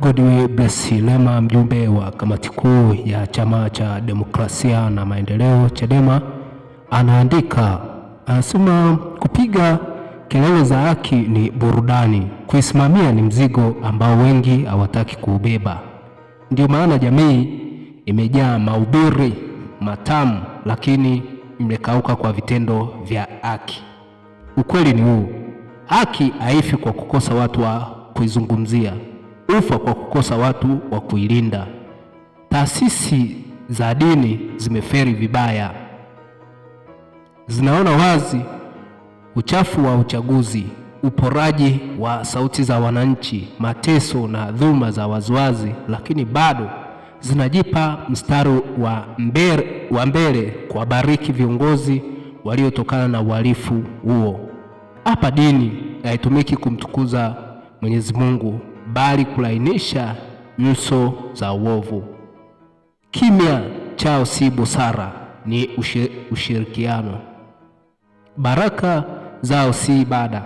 Godwin Blessilema, mjumbe wa kamati kuu ya chama cha demokrasia na maendeleo Chadema, anaandika anasema, kupiga kelele za haki ni burudani, kuisimamia ni mzigo ambao wengi hawataki kuubeba. Ndio maana jamii imejaa mahubiri matamu, lakini imekauka kwa vitendo vya haki. Ukweli ni huu, haki haifi kwa kukosa watu wa kuizungumzia ufa kwa kukosa watu wa kuilinda. Taasisi za dini zimeferi vibaya, zinaona wazi uchafu wa uchaguzi, uporaji wa sauti za wananchi, mateso na dhuma za waziwazi, lakini bado zinajipa mstari wa mbele, wa mbele kuwabariki viongozi waliotokana na uhalifu huo. Hapa dini haitumiki kumtukuza Mwenyezi Mungu bali kulainisha nyuso za uovu. Kimya chao si busara, ni ushirikiano. Baraka zao si ibada,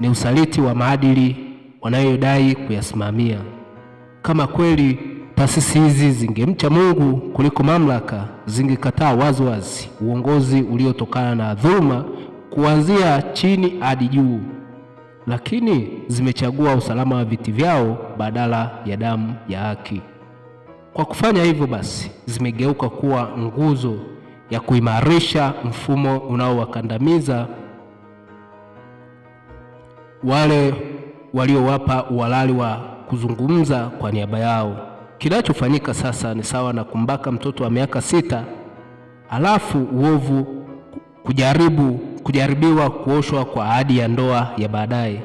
ni usaliti wa maadili wanayodai kuyasimamia. Kama kweli taasisi hizi zingemcha Mungu kuliko mamlaka, zingekataa waziwazi uongozi uliotokana na dhuluma, kuanzia chini hadi juu lakini zimechagua usalama wa viti vyao badala ya damu ya haki. Kwa kufanya hivyo basi, zimegeuka kuwa nguzo ya kuimarisha mfumo unaowakandamiza wale waliowapa uhalali wa kuzungumza kwa niaba yao. Kinachofanyika sasa ni sawa na kumbaka mtoto wa miaka sita, alafu uovu kujaribu kujaribiwa, kuoshwa kwa ahadi ya ndoa ya baadaye.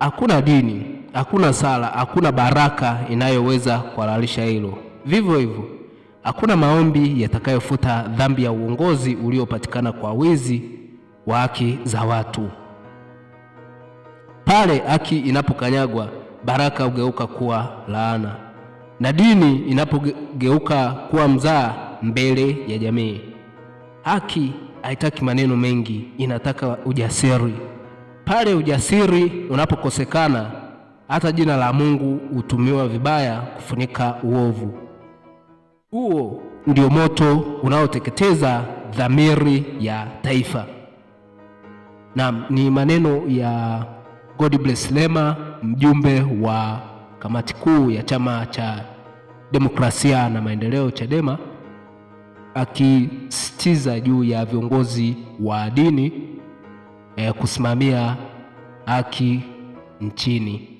Hakuna dini, hakuna sala, hakuna baraka inayoweza kuhalalisha hilo. Vivyo hivyo, hakuna maombi yatakayofuta dhambi ya uongozi uliopatikana kwa wizi wa haki za watu. Pale haki inapokanyagwa, baraka hugeuka kuwa laana, na dini inapogeuka kuwa mzaa mbele ya jamii. Haki haitaki maneno mengi, inataka ujasiri. Pale ujasiri unapokosekana, hata jina la Mungu hutumiwa vibaya kufunika uovu. Huo ndio moto unaoteketeza dhamiri ya taifa. Naam, ni maneno ya God bless Lema, mjumbe wa kamati kuu ya chama cha demokrasia na maendeleo Chadema akisisitiza juu ya viongozi wa dini eh, kusimamia haki nchini.